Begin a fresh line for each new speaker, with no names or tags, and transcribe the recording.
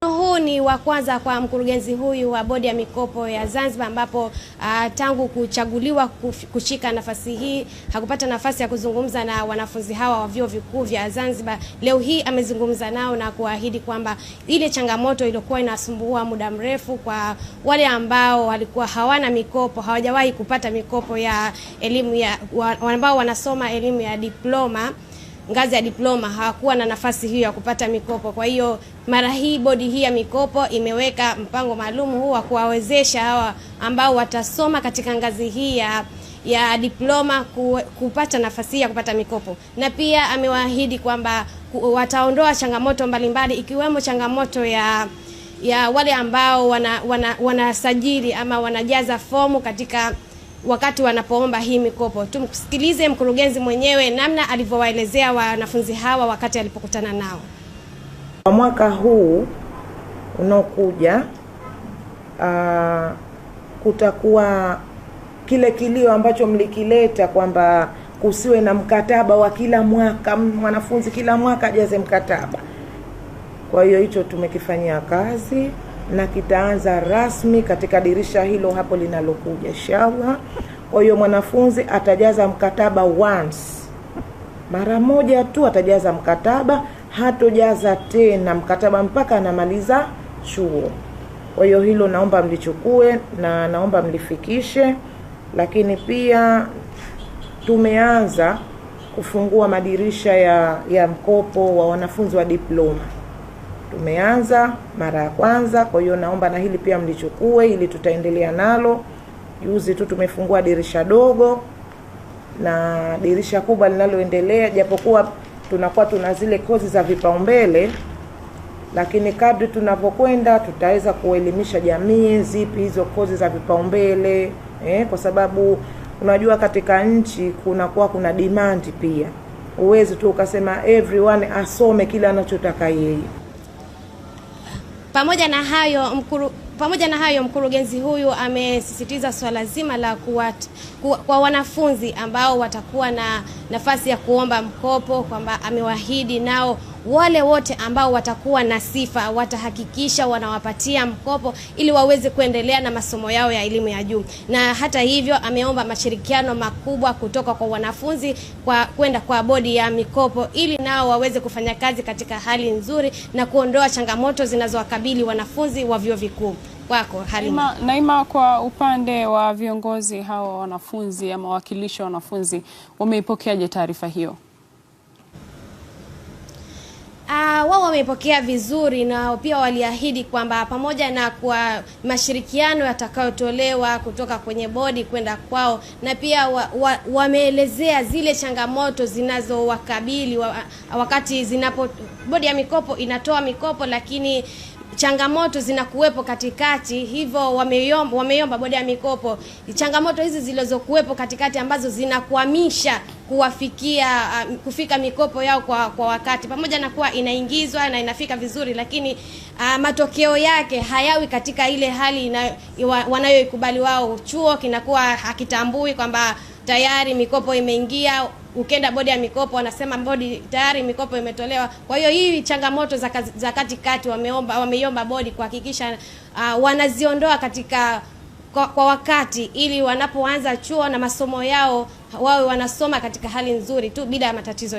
Huu ni wa kwanza kwa mkurugenzi huyu wa bodi ya mikopo ya Zanzibar, ambapo uh, tangu kuchaguliwa kushika nafasi hii hakupata nafasi ya kuzungumza na wanafunzi hawa wa vyuo vikuu vya Zanzibar. Leo hii amezungumza nao na kuahidi kwamba ile changamoto iliyokuwa inasumbua muda mrefu kwa wale ambao walikuwa hawana mikopo, hawajawahi kupata mikopo ya elimu ya ambao wanasoma elimu ya diploma ngazi ya diploma hawakuwa na nafasi hiyo ya kupata mikopo. Kwa hiyo mara hii bodi hii ya mikopo imeweka mpango maalum huu wa kuwawezesha hawa ambao watasoma katika ngazi hii ya ya diploma ku, kupata nafasi ya kupata mikopo, na pia amewaahidi kwamba wataondoa changamoto mbalimbali ikiwemo changamoto ya ya wale ambao wanasajili wana, wana ama wanajaza fomu katika wakati wanapoomba hii mikopo. Tumsikilize mkurugenzi mwenyewe namna alivyowaelezea wanafunzi hawa wakati alipokutana nao.
Kwa mwaka huu unaokuja, uh, kutakuwa kile kilio ambacho mlikileta kwamba kusiwe na mkataba wa kila mwaka, mwanafunzi kila mwaka ajaze mkataba. Kwa hiyo hicho tumekifanyia kazi na kitaanza rasmi katika dirisha hilo hapo linalokuja inshallah. Kwa hiyo mwanafunzi atajaza mkataba once, mara moja tu atajaza mkataba, hatojaza tena mkataba mpaka anamaliza chuo. Kwa hiyo hilo naomba mlichukue na naomba mlifikishe, lakini pia tumeanza kufungua madirisha ya, ya mkopo wa wanafunzi wa diploma tumeanza mara ya kwanza. Kwa hiyo naomba na hili pia mlichukue, ili tutaendelea nalo. Juzi tu tumefungua dirisha dogo na dirisha kubwa linaloendelea, japokuwa tunakuwa tuna zile kozi za vipaumbele, lakini kadri tunavyokwenda tutaweza kuelimisha jamii zipi hizo kozi za vipaumbele eh, kwa sababu unajua katika nchi kunakuwa kuna demand pia, huwezi tu ukasema everyone asome kile anachotaka yeye.
Pamoja na hayo mkuru, pamoja na hayo mkurugenzi huyu amesisitiza swala zima la kuwata, ku, kwa wanafunzi ambao watakuwa na nafasi ya kuomba mkopo kwamba amewahidi nao wale wote ambao watakuwa na sifa watahakikisha wanawapatia mkopo ili waweze kuendelea na masomo yao ya elimu ya juu. Na hata hivyo, ameomba mashirikiano makubwa kutoka kwa wanafunzi kwa kwenda kwa bodi ya mikopo ili nao waweze kufanya kazi katika hali nzuri na kuondoa changamoto zinazowakabili wanafunzi wa vyuo vikuu. kwako Halima.
Naima, kwa upande wa viongozi hao wanafunzi ama wawakilishi wa wanafunzi wameipokeaje taarifa hiyo?
Ah, wao wamepokea vizuri na pia waliahidi kwamba pamoja na kwa mashirikiano yatakayotolewa kutoka kwenye bodi kwenda kwao, na pia wa, wa, wameelezea zile changamoto zinazowakabili wa, wakati zinapo bodi ya mikopo inatoa mikopo lakini changamoto zinakuwepo katikati, hivyo wameyomba, wameyomba bodi ya mikopo changamoto hizi zilizokuwepo katikati ambazo zinakwamisha kuwafikia uh, kufika mikopo yao kwa, kwa wakati, pamoja na kuwa inaingizwa na inafika vizuri, lakini uh, matokeo yake hayawi katika ile hali wanayoikubali wao. Chuo kinakuwa hakitambui kwamba tayari mikopo imeingia Ukienda bodi ya mikopo wanasema bodi tayari mikopo imetolewa. Kwa hiyo hii changamoto za, za katikati wameomba wameiomba bodi kuhakikisha uh, wanaziondoa katika kwa, kwa wakati ili wanapoanza chuo na masomo yao wawe wanasoma katika hali nzuri tu bila ya matatizo